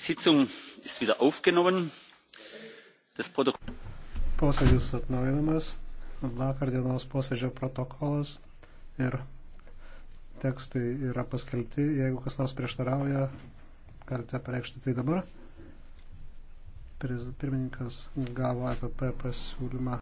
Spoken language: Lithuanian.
Posėdis atnaujinamas, vakar dienos posėdžio protokolas ir tekstai yra paskelbti. Jeigu kas nors prieštarauja, galite pareikšti tai dabar. Pirmininkas gavo APP e pasiūlymą.